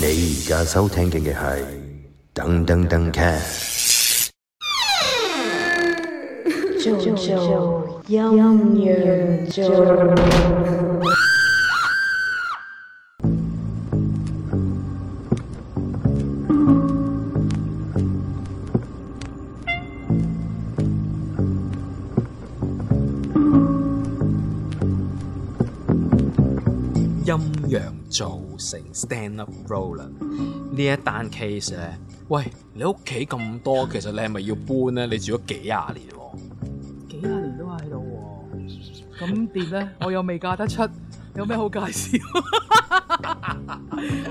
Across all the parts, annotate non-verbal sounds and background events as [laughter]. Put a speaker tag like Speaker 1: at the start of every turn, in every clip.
Speaker 1: 你而家收聽嘅係《燈登登 Cast》，做做音源做。陰陽造成 stand up Roller 呢一單 case 咧，喂，你屋企咁多，其實你係咪要搬咧？你住咗幾廿年喎，
Speaker 2: 幾廿年都喺度喎，咁點咧？我又未嫁得出， [laughs] 有咩好介紹？ [laughs]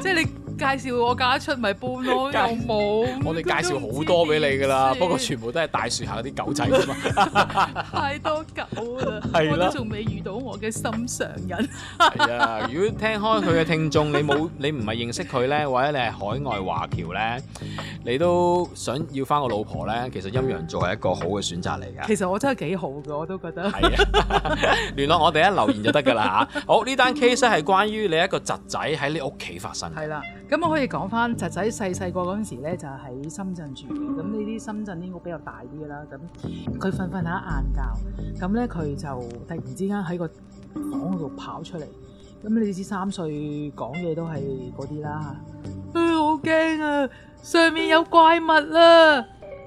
Speaker 2: 即係你。介紹我嫁出咪半路又冇，
Speaker 1: 我哋介紹好多俾你噶啦，不過全部都係大樹下啲狗仔啫嘛，
Speaker 2: [laughs] [laughs] 太多狗啦，我都仲未遇到我嘅心上人。係 [laughs] 啊，
Speaker 1: 如果聽開佢嘅聽眾，你冇你唔係認識佢咧，或者你係海外華僑咧，你都想要翻個老婆咧，其實陰陽座係一個好嘅選擇嚟噶。其
Speaker 2: 實我真係幾好噶，我都覺得。係
Speaker 1: [laughs] 啊，聯絡我哋一留言就得噶啦嚇。好，呢單 case 係關於你一個侄仔喺你屋企發生。係啦。
Speaker 2: 咁我可以講翻侄仔細細個嗰陣時咧，就喺深圳住嘅。咁呢啲深圳啲屋比較大啲啦。咁佢瞓瞓下晏覺，咁咧佢就突然之間喺個房嗰度跑出嚟。咁你知三歲講嘢都係嗰啲啦。唉、哎，好驚啊！上面有怪物啊！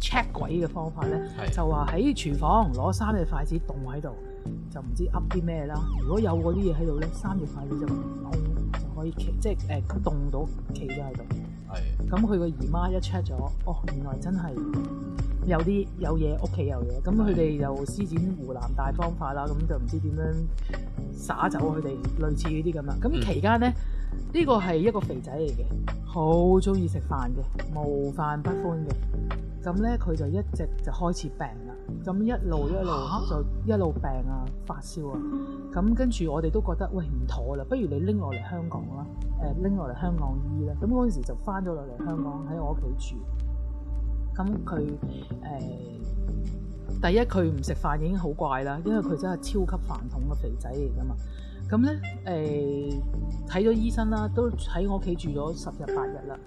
Speaker 2: check 鬼嘅方法咧是的，就話喺廚房攞三隻筷子凍喺度，就唔知噏啲咩啦。如果有嗰啲嘢喺度咧，三隻筷子就凍就可以企，即係誒凍到企咗喺度。係咁，佢個是的 姨媽一 check 咗，哦，原來真係有啲有嘢，屋企有嘢。咁佢哋又施展湖南大方法啦。咁就唔知點樣灑走佢哋，類似呢啲咁啦。咁期間咧，呢個係一個肥仔嚟嘅，好中意食飯嘅，無飯不歡嘅。咁咧，佢就一直就開始病啦。咁一路一路就一路病啊，發燒啊。咁跟住我哋都覺得，喂，唔妥啦，不如你拎我嚟香港啦，誒拎我嚟香港醫啦。咁嗰陣時就翻咗落嚟香港，喺我屋企住。咁佢誒第一佢唔食飯已經好怪啦，因為佢真係超級飯桶嘅肥仔嚟噶嘛。咁咧誒睇咗醫生啦，都喺我屋企住咗十日八日啦。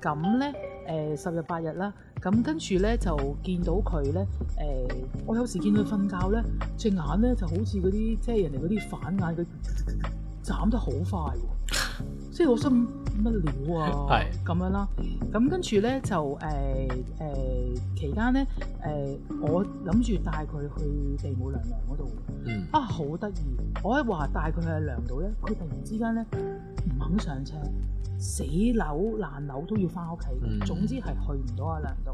Speaker 2: 咁咧誒十日八日啦。咁跟住咧就見到佢咧，誒、呃，我有時見佢瞓覺咧，隻眼咧就好似嗰啲即係人哋嗰啲反眼，佢眨得好快喎， [laughs] 即係我心乜料啊，咁樣啦。咁跟住咧就誒誒、呃呃、期間咧，誒、呃、我諗住帶佢去地母娘娘嗰度， [noise] 啊好得意！我一話帶佢去娘娘度咧，佢突然之間咧唔肯上車。死扭爛扭都要翻屋企，嗯、總之係去唔、啊、到阿梁度，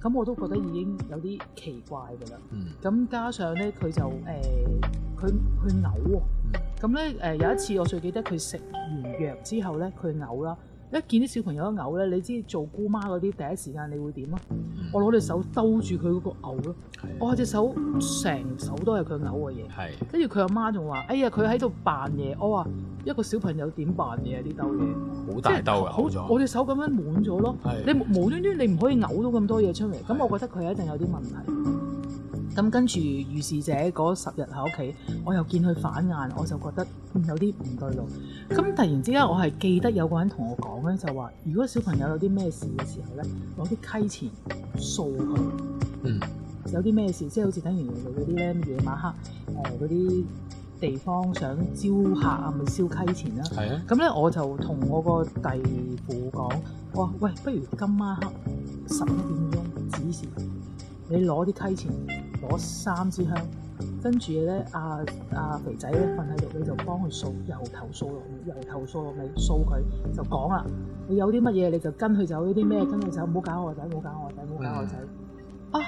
Speaker 2: 咁、嗯、我都覺得已經有啲奇怪噶啦。咁、嗯、加上咧，佢就誒，佢佢嘔，咁咧誒，有一次我最記得佢食完藥之後咧，佢嘔啦。一見啲小朋友一嘔咧，你知做姑媽嗰啲第一時間你會點咯？我攞隻手兜住佢嗰個嘔咯，我係隻手成手都係佢嘔嘅嘢。係的，跟住佢阿媽仲話：哎呀，佢喺度扮嘢。我話一個小朋友點扮嘢啊？啲兜嘢
Speaker 1: 好大兜啊，好咗。我隻
Speaker 2: 手咁樣滿咗咯，的你無，無端端你唔可以嘔到咁多嘢出嚟，咁的我覺得佢一定有啲問題。咁跟住遇事者嗰十日喺屋企，我又見佢反眼，我就覺得有啲唔對路。咁突然之間，我係記得有個人同我講咧，就話如果小朋友有啲咩事嘅時候咧，攞啲溪錢掃佢。嗯。有啲咩事，即係好似等完路嗰啲咧，夜晚黑誒嗰啲地方想招客啊，咪燒溪錢啦。係啊。咁咧，我就同我個弟婦講，我話喂，不如今晚黑十一點鐘指示你攞啲溪錢。三支香，跟住咧，阿、啊、阿、啊、肥仔咧瞓喺度，你就幫佢掃，由頭掃落面，由頭掃落尾，掃佢就講啦，你有啲乜嘢你就跟佢走，呢啲咩跟佢走，唔好搞我仔，唔好搞我仔，唔好搞我仔。啊！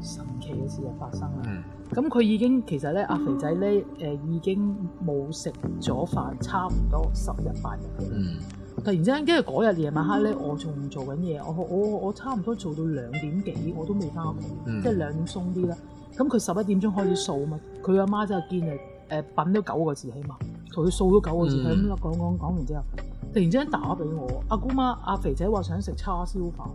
Speaker 2: 神奇嘅事就發生啦。咁佢的、嗯、已經其實咧，阿、啊、肥仔咧，誒、呃、已經冇食咗飯，差唔多十日八日嘅。的突然之間，跟住嗰日夜晚黑咧、嗯，我仲做緊嘢，我我我差唔多做到兩點幾，我都未翻屋企，的即係兩點鬆啲啦。咁佢十一點鐘開始掃啊嘛，佢阿媽就見誒誒品咗九個字起碼，同佢掃咗九個字，佢咁講講講完之後，突然之間打俾我，阿姑媽阿肥仔話想食叉燒飯，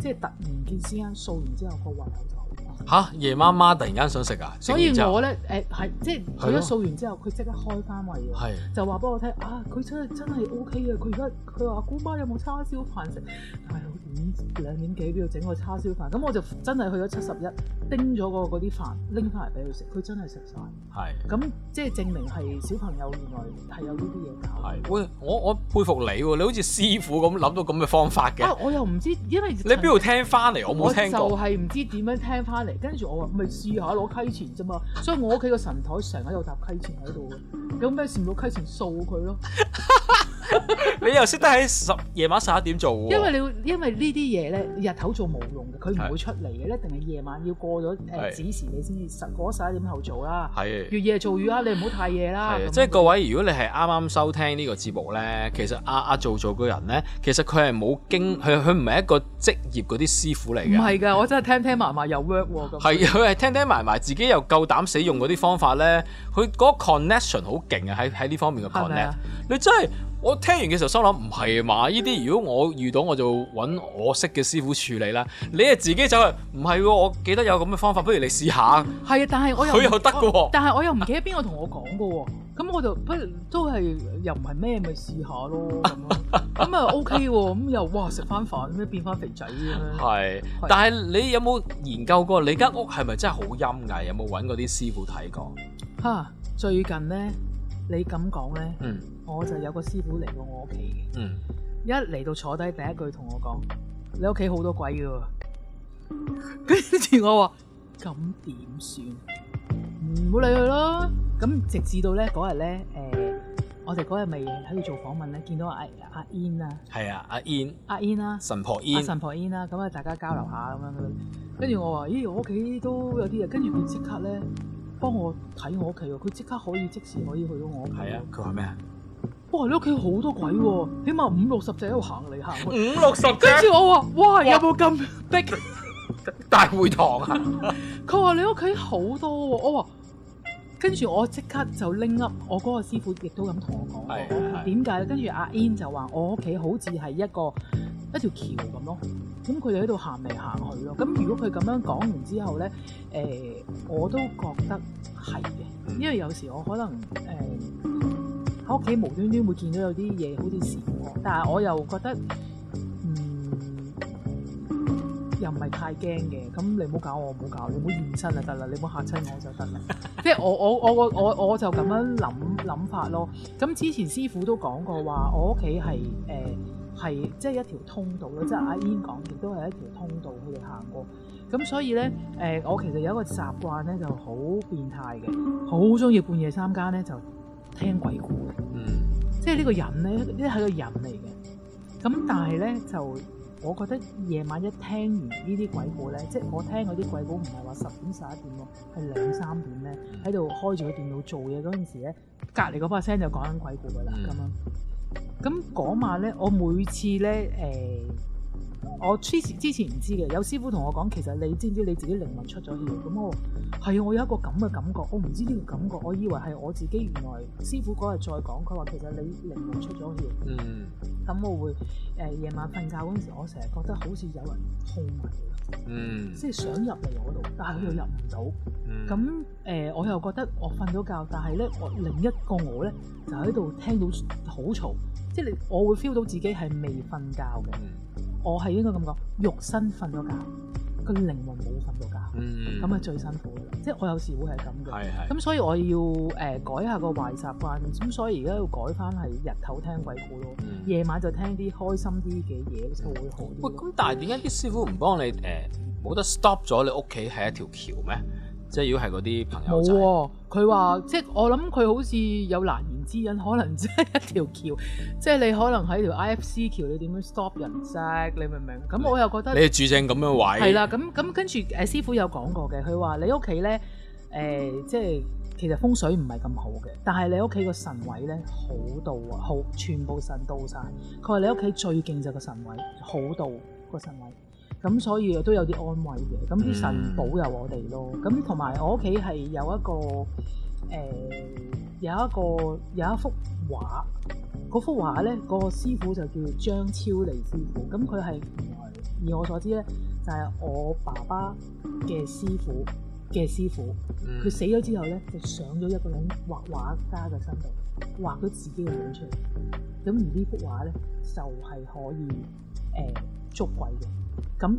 Speaker 2: 即係突然見之間掃完之後個胃口
Speaker 1: 嚇夜媽媽突然間想食啊！所以我咧
Speaker 2: 誒係即係佢一掃完之後，佢即的刻開翻胃喎，的就話俾我聽啊！佢真係真係 O K 啊！佢而家佢話姑媽有冇叉燒飯食？係、哎、五兩點幾邊度整個叉燒飯？咁我就真係去咗七十一，叮咗個嗰啲飯拎翻嚟俾佢食，佢真係食晒，係咁的即係證明係小朋友原來係有呢啲嘢搞。
Speaker 1: 係我我我佩服你喎、哦！你好似師傅咁諗到咁嘅方法嘅、啊。我
Speaker 2: 又唔知，因為你邊度
Speaker 1: 聽翻嚟？我冇聽過。我就
Speaker 2: 係唔知點樣聽翻嚟。跟住我話，咪試下攞溪錢啫嘛，所以我屋企個神台成日有沓溪錢喺度嘅，有咩事冇溪錢掃佢咯。 [laughs]
Speaker 1: [laughs] 你又識得喺十夜晚十一點做喎、啊？因為你
Speaker 2: 因為呢啲嘢咧，日頭做冇用嘅，佢唔會出嚟嘅咧，定係夜晚要過咗誒子時，呃、你先至十十一點後做啦、啊。
Speaker 1: 係越的夜
Speaker 2: 做越啱、啊，你唔好太夜啦的這樣。
Speaker 1: 即係各位，如果你係啱啱收聽呢個節目咧，其實阿、啊、阿、啊、做做個人咧，其實佢係冇經，佢佢唔係一個職業嗰啲師傅嚟嘅。唔
Speaker 2: 係㗎，我真係聽聽埋埋又 work 㗎。佢
Speaker 1: 係聽聽埋埋自己又夠膽死用嗰啲方法咧，佢個 connection 好勁啊！喺喺呢方面嘅 connection，的的你真係～我聽完嘅時候心諗唔係嘛？呢啲如果我遇到我就揾我識嘅師傅處理啦。你啊自己走去，唔係？我記得有咁嘅方法，不如你試下。
Speaker 2: 係啊，但係我又佢又得嘅喎。我我但係我又唔記得邊個同我講嘅喎。咁 [laughs] 我就不如都係又唔係咩，咪試下咯。咁啊 [laughs] OK 喎，咁又哇食翻飯，咩變翻肥仔
Speaker 1: 嘅係。的的但係你有冇研究過你間屋係咪真係好陰翳？嗯、有冇揾過啲師傅睇過？吓、嗯，
Speaker 2: 最近咧，你咁講咧，嗯。我就有個師傅嚟過我屋企嘅，嗯、一嚟到坐低第一句同我講：你屋企好多鬼嘅。跟 [laughs] 住我話：咁點算？唔好理佢啦。咁、嗯、直至到咧嗰日咧，誒、呃，我哋嗰日咪喺度做訪問咧，見到阿阿燕啊，
Speaker 1: 係啊，阿燕，
Speaker 2: 阿燕銀啦，神婆燕，阿神婆燕啦、啊，咁啊大家交流下咁樣。跟住我話：咦，我屋企都有啲嘢。」跟住佢即刻咧幫我睇我屋企喎，佢即刻可以即時可，可以去到我屋企。
Speaker 1: 啊，佢話咩啊？
Speaker 2: 哇！你屋企好多鬼喎、啊，起碼五六十隻喺度行嚟
Speaker 1: 行去。五六十隻。跟
Speaker 2: 住我話，哇！哇有冇咁逼
Speaker 1: 大會堂啊？
Speaker 2: 佢話 [laughs] 你屋企好多、啊，我話，跟住我即刻就拎粒，我嗰個師傅亦都咁同我講的，點解咧？的跟住阿 Ian 就話，我屋企好似係一個一條橋咁咯，咁佢哋喺度行嚟行去咯。咁如果佢咁樣講完之後咧，誒、欸，我都覺得係嘅，因為有時我可能誒。欸屋企無端端會見到有啲嘢好似事喎，但係我又覺得嗯又唔係太驚嘅，咁你唔好搞我，唔好搞，你唔好現身就得啦，你唔好嚇親我就得啦。 [laughs] 即係我我我我我就咁樣諗諗法咯。咁之前師傅都講過話，我屋企係誒係即係一條通道咧，即係阿 Ian 講亦都係一條通道，佢哋行過。咁所以咧誒、 [noise] 呃，我其實有一個習慣咧，就好變態嘅，好中意半夜三更咧就聽鬼故即係呢個人咧，呢係個人嚟嘅。咁但係咧，就我覺得夜晚一聽完呢啲鬼故咧，即係我聽嗰啲鬼故唔係話十點十一點喎，係兩三點咧喺度開住個電腦做嘢嗰陣時咧，隔離嗰把聲就講緊鬼故噶啦咁樣。咁嗰晚咧，我每次咧誒。欸我之前之前唔知嘅，有師傅同我講，其實你知唔知你自己靈魂出咗去？咁我係我有一個咁嘅感覺，我唔知呢個感覺，我以為係我自己。原來師傅嗰日再講，佢話其實你靈魂出咗去。嗯。咁我會誒夜晚瞓覺嗰陣時，我成日覺得好似有人控埋嚟，即係想入嚟我度，但係佢又入唔到。咁誒，我又覺得我瞓到覺，但係咧，我另一個我咧就喺度聽到好嘈，即係你我會 feel 到自己係未瞓覺嘅。嗯。我係應該咁講，肉身瞓咗覺，個靈魂冇瞓到覺，咁咪、嗯、最辛苦啦。即係我有時會係咁嘅，咁是是 所以我要誒、呃、改下個壞習慣。咁、嗯、所以而家要改翻係日頭聽鬼故咯，夜、嗯、晚就聽啲開心啲嘅嘢就會好啲。
Speaker 1: 喂，咁但係點解啲師傅唔幫你誒冇、呃、得 stop 咗你屋企係一條橋咩？即係如果係嗰啲朋
Speaker 2: 友冇喎，佢話、啊嗯、即係我諗佢好似有難。指引可能只係一條橋，即係你可能喺條 I F C 橋，你點樣 stop 人啫？你明唔明？咁我又覺得你住正咁樣位，係啦。咁咁跟住誒、呃、師傅有講過嘅，佢話你屋企咧誒，即係其實風水唔係咁好嘅，但係你屋企個神位咧好到，啊，好，好全部神道曬。佢話你屋企最勁就係個神位好到、個神位，咁所以都有啲安慰嘅。咁啲神保佑我哋咯。咁同埋我屋企係有一個。誒、呃、有一個有一幅畫，嗰幅畫咧，嗰、那個師傅就叫張超黎師傅，咁佢係原來，而我所知咧，就係、是、我爸爸嘅師傅嘅師傅，佢死咗之後咧，就上咗一個畫畫家嘅身度，畫咗自己嘅樣出嚟，咁而呢幅畫咧就係、是、可以誒、呃、捉鬼嘅，咁。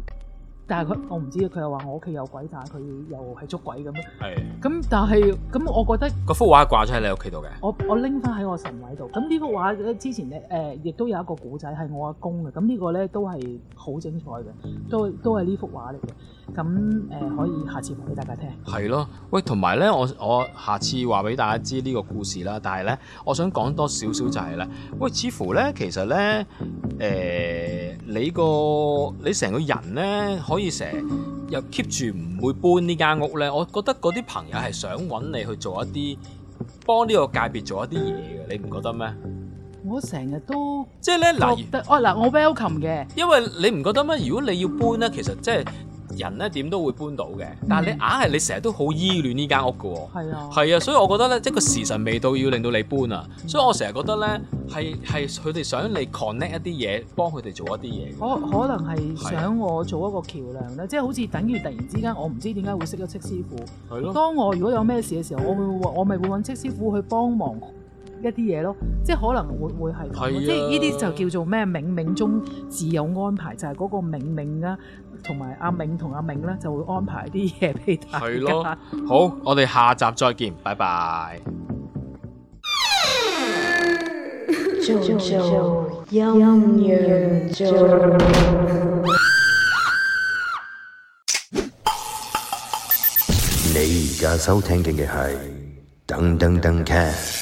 Speaker 2: 但係佢，我唔知啊！佢又話我屋企有鬼曬，佢又係捉鬼咁。係咁，但係咁，我覺得
Speaker 1: 嗰幅畫掛咗喺你屋企度嘅。
Speaker 2: 我我拎翻喺我神位度。咁呢幅畫咧，之前咧誒，亦都有一個故仔係我阿公嘅。咁呢個咧都係好精彩嘅，都都係呢幅畫嚟嘅。咁誒，可以下次講俾大家聽。
Speaker 1: 係咯，喂，同埋咧，我我下次話俾大家知呢個故事啦。但係咧，我想講多少少就係咧，喂，似乎咧，其實咧，誒，你個你成個人咧可以。啲成日又 keep 住唔會搬呢間屋咧，我覺得嗰啲朋友係想揾你去做一啲幫呢個界別做一啲嘢嘅，你唔覺得咩？
Speaker 2: 我成日都即係咧嗱，我嗱我 welcome 嘅，
Speaker 1: 因為你唔覺得咩？如果你要搬咧，其實即係。人咧，點都會搬到嘅，但係你硬係、嗯、你成日都好依戀呢間屋嘅喎。係啊，係啊，所以我覺得咧，即係個時辰未到要令到你搬啊，嗯、所以我成日覺得咧係係佢哋想你 connect 一啲嘢，幫佢哋做一啲嘢。可
Speaker 2: 可能係想我做一個橋梁咧，啊、即係好似等於突然之間我唔知點解會識咗戚師傅。係咯、啊。當我如果有咩事嘅時候，我會我咪會搵戚師，師傅去幫忙。一啲嘢咯，即係可能會會係，即係呢啲就叫做咩冥冥中自有安排，就係嗰個冥冥啦，同埋阿冥同阿冥咧就會安排啲嘢俾大家。
Speaker 1: 好，我哋下集再見，拜拜。Jojo yum yum jo，你而家收聽緊嘅係燈登登 Cast。